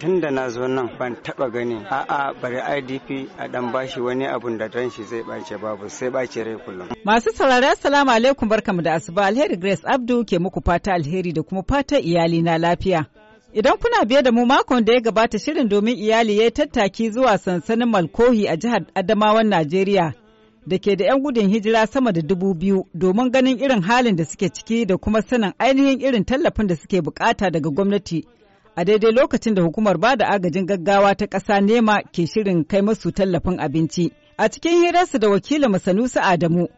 tun da na zo nan ban taba gani a'a bari idp a dan bashi wani abun da dan shi zai bace babu sai bace rai kullum masu saurari assalamu alaikum barkamu da asuba alheri grace abdu ke muku fata alheri da kuma fata iyali na lafiya Idan kuna biye da mu makon da ya gabata shirin domin iyali ya tattaki zuwa sansanin Malkohi a jihar Adamawan Najeriya da ke da 'yan gudun hijira sama da dubu biyu domin ganin irin halin da suke ciki da kuma sanin ainihin irin tallafin da suke bukata daga gwamnati a daidai lokacin da hukumar ba da agajin gaggawa ta ƙasa nema ke shirin kai masu tallafin abinci. A cikin hirarsu da wakilin masanusa Adamu,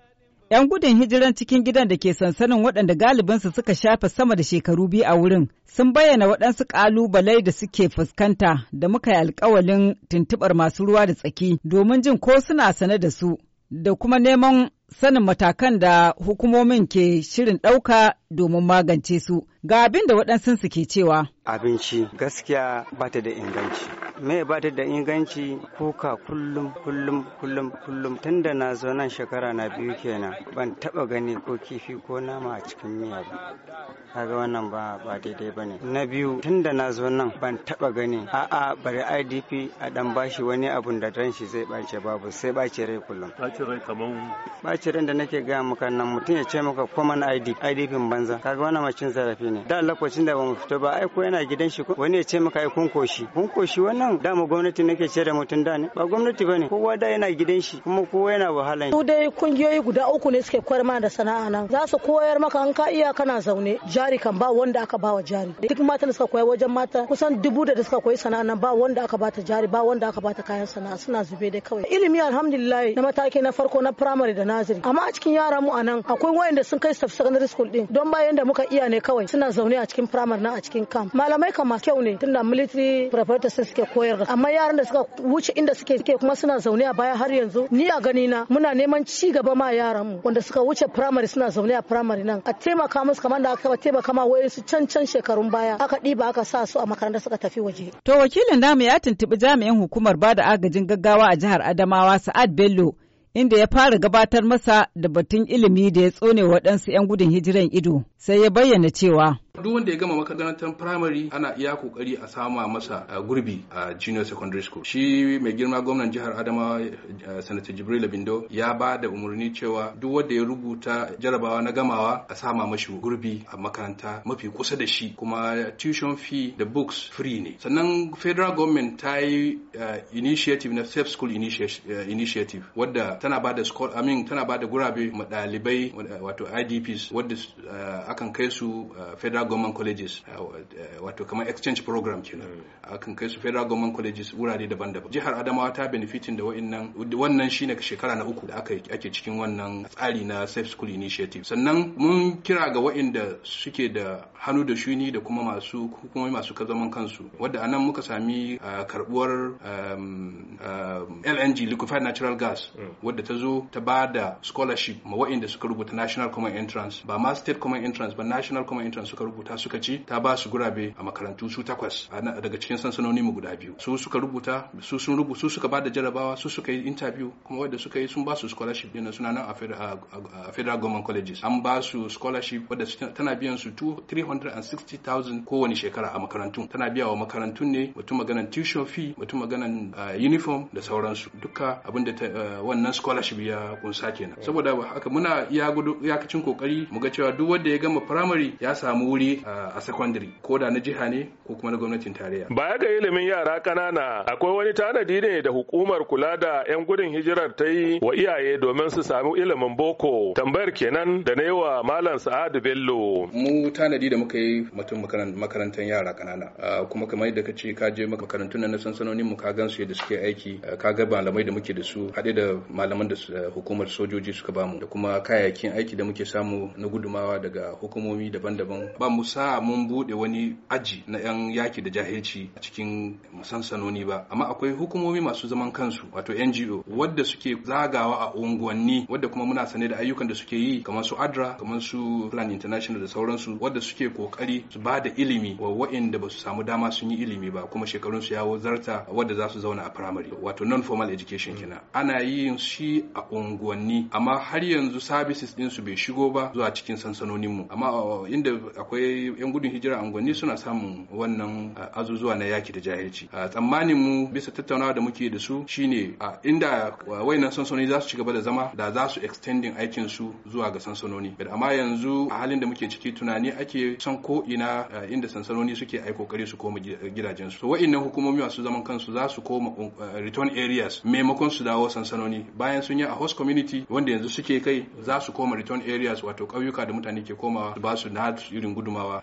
'yan gudun hijiran cikin gidan da ke sansanin waɗanda galibinsu suka shafe sama da shekaru biyu a wurin sun bayyana waɗansu ƙalubalai da suke fuskanta da muka yi alkawalin tuntuɓar masu ruwa da tsaki domin jin ko suna sane da su da kuma neman sanin matakan da hukumomin ke shirin ɗauka domin magance su ga abin da waɗansu ke cewa. abinci gaskiya ba ta da inganci me ba ta da inganci kuka kullum kullum kullum kullum tun da na zo nan shekara na biyu kenan ban taba gani ko kifi ko nama a cikin miya ba kaga wannan ba ba daidai ba ne na biyu tun da na zo nan ban taba gani a'a bari idp a dan bashi wani abun da dan shi zai bace babu sai bace rai kullum bace rai kaman bace rai da nake ga maka nan mutum ya ce maka common id idp banza kaga wannan macin zarafi ne da lokacin da ba mu fito ba ai ko yana gidan shi ko wani ya ce maka ai kun koshi kun koshi wannan dama gwamnati nake ce da mutum da ne ba gwamnati bane kowa da yana gidan shi kuma kowa yana wahala su dai kungiyoyi guda uku ne suke koyar mana da sana'a nan za su koyar maka an ka iya kana zaune jari kan ba wanda aka ba wa jari duk matan da suka koya wajen mata kusan dubu da suka koyi sana'a nan ba wanda aka bata jari ba wanda aka bata kayan sana'a suna zube dai kawai ilimi alhamdulillah na mataki na farko na primary da naziri amma a cikin yara mu anan akwai wayanda sun kai secondary school din don ba yanda muka iya ne kawai suna zaune a cikin primary na a cikin camp malamai kama kyau ne tunda military sun suke koyar amma yaran da suka wuce inda suke suke kuma suna zaune a baya har yanzu ni a gani na muna neman ci gaba ma yaran mu wanda suka wuce primary suna zaune a primary nan a taimaka musu kamar da aka taimaka ma wayansu can can shekarun baya aka ɗiba aka sa su a makarantar suka tafi waje to wakilin namu ya tuntubi jami'in hukumar bada agajin gaggawa a jihar Adamawa Sa'ad Bello inda ya fara gabatar masa da batun ilimi da ya tsone waɗansu 'yan gudun hijiran ido sai ya bayyana cewa duk wanda ya gama makarantar primary ana iya kokari a sama masa gurbi a junior secondary school shi mai girma gwamnan jihar adamawa eh, sanata jibril bindo ya ba da umarni cewa duk wanda ya rubuta jarabawa na gamawa a sama mashi gurbi a makaranta mafi kusa da shi kuma tuition fee da books free ne sannan federal government ta yi eh, initiative na safe school eh, initiative wadda tana ba da school amin tana ba da gurabe ma ɗalibai wato idps wadda akan kai su federal government colleges uh, uh, wato kamar exchange program kenan hmm. akan kai su federal government colleges wurare daban-daban jihar adamawa ta benefitin da wa'annan wannan shine shekara na uku da aka ake cikin wannan tsari na safe school initiative sannan mun kira ga wa'anda suke da hannu da shuni da kuma masu hukumomi masu kazaman kansu wadda anan muka sami uh, karbuwar um, um, LNG liquefied natural gas hmm. wadda ta zo ta ba da scholarship ma wa'anda suka rubuta national common entrance ba ma state common entrance ba national common entrance suka rubuta suka ci ta ba su gurabe a makarantu su takwas daga cikin sansanoni mu guda biyu su suka rubuta su sun rubuta su suka bada jarabawa su suka yi interview kuma wanda suka yi sun ba su scholarship din suna nan a federal government colleges an ba su scholarship wadda tana biyan su 360,000 kowane shekara a makarantu tana biya wa makarantun ne mutum maganan tuition fee mutum maganan eh, uniform da sauransu duka abin da eh, wannan scholarship ya kunsa kenan saboda haka muna iyakacin kokari mu ga cewa duk wanda ya gama primary ya samu wuri wuri eh, a sakwandiri ko da na jiha ne ko kuma na gwamnatin tarayya baya ga ilimin yara ƙanana akwai wani tanadi ne da hukumar kula da 'yan gudun hijirar ta yi wa iyaye domin su samu ilimin boko tambayar kenan da na yi wa malam sa'adu bello mu tanadi da muka yi mutum makarantar yara ƙanana eh, kuma kamar yadda ka ce ka je makarantun na sansanonin mu ka gan su yadda suke aiki eh, ka ga malamai da muke da su haɗe da malaman da hukumar sojoji suka bamu da kuma kayayyakin aiki da muke samu na gudumawa daga hukumomi daban-daban ba mu sa mun bude wani aji na yan yaki da jahilci a cikin sansanoni ba amma akwai hukumomi masu zaman kansu wato NGO wadda suke zagawa a unguwanni wadda kuma muna sane da ayyukan da suke yi kamar su ADRA kamar su Plan International da sauransu wadda suke kokari su ba da ilimi wa wa'inda ba su samu dama sun yi ilimi ba kuma shekarun su yawo zarta wadda za su zauna a primary wato non formal education kina ana yin shi a unguwanni amma har yanzu services din su bai shigo ba zuwa cikin sansanonin mu amma uh, inda akwai yan gudun hijira unguwanni suna samun wannan azuzuwa na yaki da jahilci tsammanin mu bisa tattaunawa da muke da su shine a inda wayannan sansanoni za su ci gaba da zama da za su extending aikin su zuwa ga sansanoni amma yanzu a halin da muke ciki tunani ake san ko ina inda sansanoni suke ai kokari su koma gidajen su wayannan hukumomi masu zaman kansu za su koma return areas maimakon su dawo sansanoni bayan sun yi a host community wanda yanzu suke kai za su koma return areas wato ƙauyuka da mutane ke komawa ba su na irin gudun gudumawa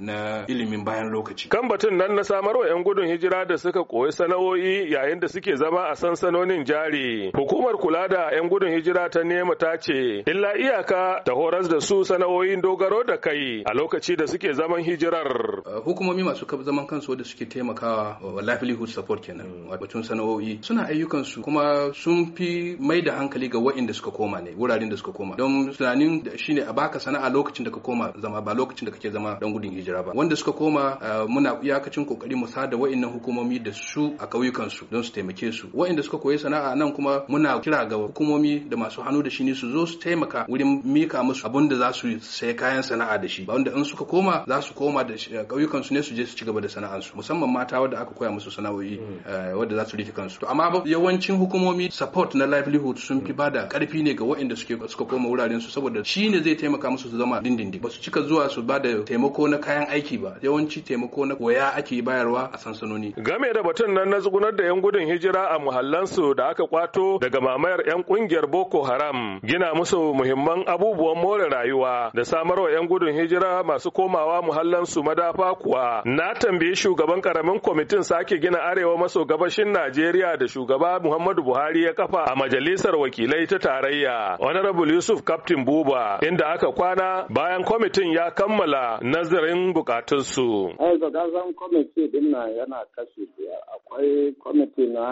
na ilimin bayan lokaci. Kan batun nan na samar wa 'yan gudun hijira da suka koyi sana'o'i yayin da suke zama a sansanonin jari. Hukumar kula da 'yan gudun hijira ta nema ta ce, illa iyaka ta horas da su sana'o'in dogaro da kai a lokaci da suke zaman hijirar. Hukumomi masu kaf zaman kansu da suke taimakawa wa livelihood support kenan, batun sana'o'i suna ayyukansu kuma sun fi mai da hankali ga waɗanda suka koma ne, wuraren da suka koma. Don tunanin shine a baka sana'a lokacin da ka koma zama ba lokacin da kake suke zama dan gudun hijira ba wanda suka koma eh, muna iyakacin kokari mu sada wa'annan hukumomi da su a kauyukan su don su taimake su wa'anda suka koyi sana'a nan kuma muna kira ga hukumomi da masu hannu da shini su zo su taimaka wurin mika musu abun da za su sai kayan sana'a da shi ba wanda in suka koma za su koma da kauyukan eh, su ne su je su ci gaba da su musamman mata wanda aka koya musu sana'o'i hmm. eh, wanda za su rike kansu to amma yawancin hukumomi support na livelihood sun fi bada karfi ne ga wa'anda suke suka koma wuraren su saboda shi ne zai taimaka musu su zama dindindin ba su cika zuwa su bada Eh. taimako na kayan aiki ba yawanci taimako na koya ake bayarwa a sansanoni game da batun nan na zugunar da yan gudun hijira a muhallansu da aka kwato daga mamayar yan kungiyar boko haram gina musu muhimman abubuwan more rayuwa da samarwa yan gudun hijira masu komawa muhallansu madafa kuwa na tambayi shugaban karamin kwamitin sake gina arewa maso gabashin najeriya da shugaba muhammadu buhari ya kafa a majalisar wakilai ta tarayya honorable yusuf captain buba inda aka kwana bayan kwamitin ya kammala nazarin bukatunsu. Aiko ka san kwamiti dinna yana kashi biyar. Akwai kwamiti na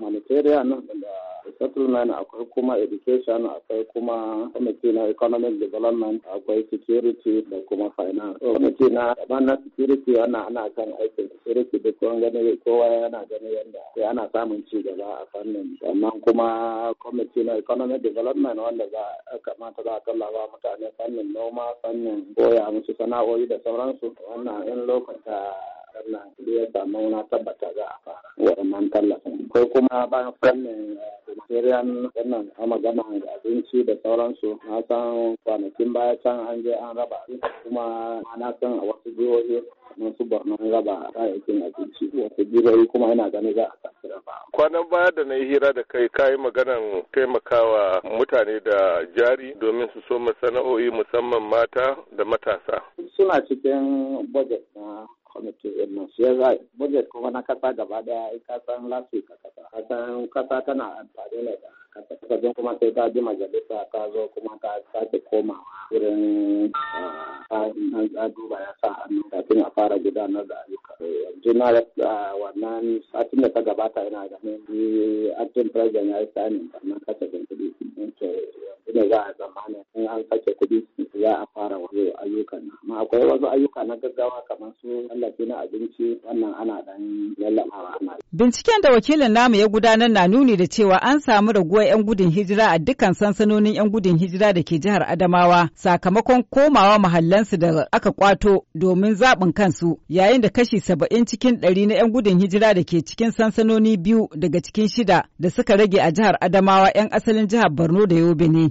Manitariya nan da settlement akwai kuma education akwai kuma committee na economic development akwai security da kuma finance committee na daban na security ana ana kan aikin security duk kowa gani kowa yana gani yadda ana samun ci gaba a fannin sannan kuma committee na economic development wanda za a kamata za a tallafa mutane fannin noma fannin koya musu sana'o'i da sauransu wannan in lokacin sallah ya samu na tabbata za a fara wannan tallafin ko kuma bayan fannin humanitarian eh, wannan magana ga abinci da sauransu na san kwanakin baya can an je an raba kuma na san a wasu jihohi kamar su borno raba kayayyakin abinci wasu jihohi kuma ina ganin za a sake raba kwanan baya da na yi hira da kai yi maganan taimakawa mutane da jari domin su so sana'o'i musamman mata da matasa suna cikin budget kwamitin irin su ya za budget kuma na kasa gaba daya ai ka san ka kasa ka san kasa tana amfani ne da kasa don kuma sai ka ji majalisa ka zo kuma ka sake komawa wurin ah, an duba ya sa hannu kafin a fara gudanar da ayyuka yanzu na ah, wannan satin da ta gabata yana da mai acting president ya yi sanin wannan kasafin kuɗi ne za a zamana in an sake kuɗi za a fara wani ayyukan amma akwai wasu ayyuka na gaggawa kamar su tallafi na abinci wannan ana dan lallabawa ana Binciken da wakilin namu ya gudanar na nuni da cewa an samu raguwar 'yan gudun hijira a dukkan sansanonin 'yan gudun hijira da ke jihar Adamawa sakamakon komawa mahallansu da aka kwato domin zaɓin kansu yayin da kashi saba'in cikin ɗari na 'yan gudun hijira da ke cikin sansanoni biyu daga cikin shida da suka rage a jihar Adamawa 'yan asalin jihar Borno da Yobe ne.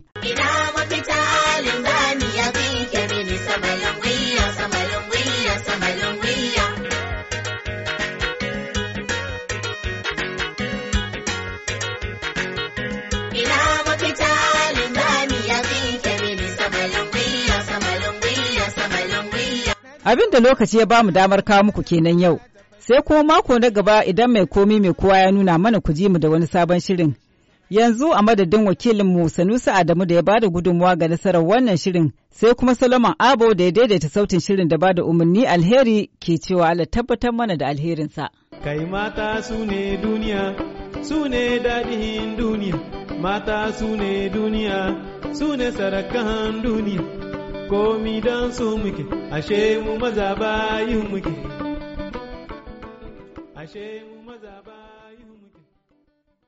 Abin da lokaci ya ba mu damar kawo muku kenan yau. Sai kuma mako na gaba idan mai komi mai kowa ya nuna mana ku mu da wani sabon shirin. Yanzu a madadin Wakilin mu Sanusi Adamu da ya bada gudunmawa ga nasarar wannan shirin sai kuma Salomon Abo da ya daidaita sautin shirin da bada umarni alheri ke cewa Allah tabbatar mana da alherinsa. Kai mata su ne duniya, su ne daɗin duniya, mata su ne duniya, su ne sarakan duniya. komi don su muke ashe mu maza bayin muke ashe mu maza bayin